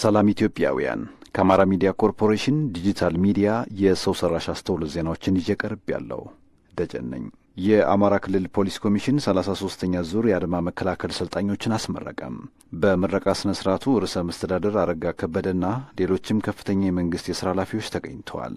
ሰላም ኢትዮጵያውያን፣ ከአማራ ሚዲያ ኮርፖሬሽን ዲጂታል ሚዲያ የሰው ሰራሽ አስተውሎት ዜናዎችን ይዤ ቀርብ ያለው ደጀን ነኝ። የአማራ ክልል ፖሊስ ኮሚሽን ሰላሳ ሶስተኛ ዙር የአድማ መከላከል ሰልጣኞችን አስመረቀም። በምረቃ ስነ ስርዓቱ ርዕሰ መስተዳደር አረጋ ከበደና ሌሎችም ከፍተኛ የመንግስት የስራ ኃላፊዎች ተገኝተዋል።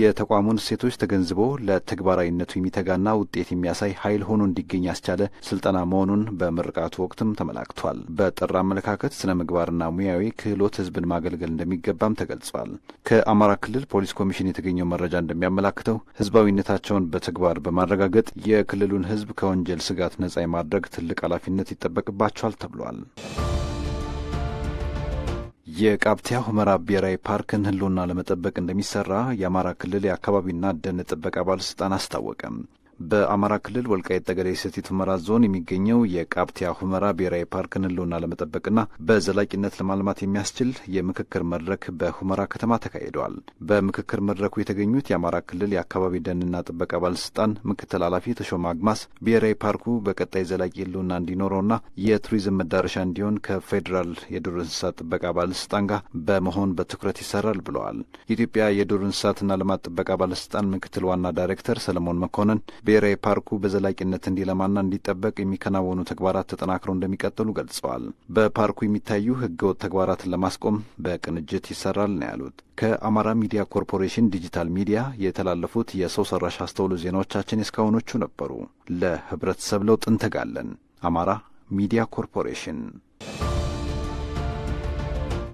የተቋሙን እሴቶች ተገንዝቦ ለተግባራዊነቱ የሚተጋና ውጤት የሚያሳይ ኃይል ሆኖ እንዲገኝ ያስቻለ ስልጠና መሆኑን በምርቃቱ ወቅትም ተመላክቷል። በጥር አመለካከት ስነ ምግባርና ሙያዊ ክህሎት ህዝብን ማገልገል እንደሚገባም ተገልጿል። ከአማራ ክልል ፖሊስ ኮሚሽን የተገኘው መረጃ እንደሚያመላክተው ህዝባዊነታቸውን በተግባር በማረጋገጥ የክልሉን ህዝብ ከወንጀል ስጋት ነጻ የማድረግ ትልቅ ኃላፊነት ይጠበቅባቸዋል ተብሏል። የቃብቲያ ሁመራ ብሔራዊ ፓርክን ህልና ለመጠበቅ እንደሚሰራ የአማራ ክልል የአካባቢና ደን ጥበቃ ባለስልጣን አስታወቀም። በአማራ ክልል ወልቃይት ጠገዴ ሰቲት ሁመራ ዞን የሚገኘው የቃብቲያ ሁመራ ብሔራዊ ፓርክን ሕልውና ለመጠበቅና በዘላቂነት ለማልማት የሚያስችል የምክክር መድረክ በሁመራ ከተማ ተካሂደዋል። በምክክር መድረኩ የተገኙት የአማራ ክልል የአካባቢ ደንና ጥበቃ ባለስልጣን ምክትል ኃላፊ ተሾመ አግማስ ብሔራዊ ፓርኩ በቀጣይ ዘላቂ ሕልውና እንዲኖረውና የቱሪዝም መዳረሻ እንዲሆን ከፌዴራል የዱር እንስሳት ጥበቃ ባለስልጣን ጋር በመሆን በትኩረት ይሰራል ብለዋል። የኢትዮጵያ የዱር እንስሳትና ልማት ጥበቃ ባለስልጣን ምክትል ዋና ዳይሬክተር ሰለሞን መኮንን ብሔራዊ ፓርኩ በዘላቂነት እንዲለማና እንዲጠበቅ የሚከናወኑ ተግባራት ተጠናክረው እንደሚቀጥሉ ገልጸዋል። በፓርኩ የሚታዩ ህገወጥ ተግባራትን ለማስቆም በቅንጅት ይሰራል ነው ያሉት። ከአማራ ሚዲያ ኮርፖሬሽን ዲጂታል ሚዲያ የተላለፉት የሰው ሰራሽ አስተውሎ ዜናዎቻችን እስካሁኖቹ ነበሩ። ለህብረተሰብ ለውጥ እንተጋለን። አማራ ሚዲያ ኮርፖሬሽን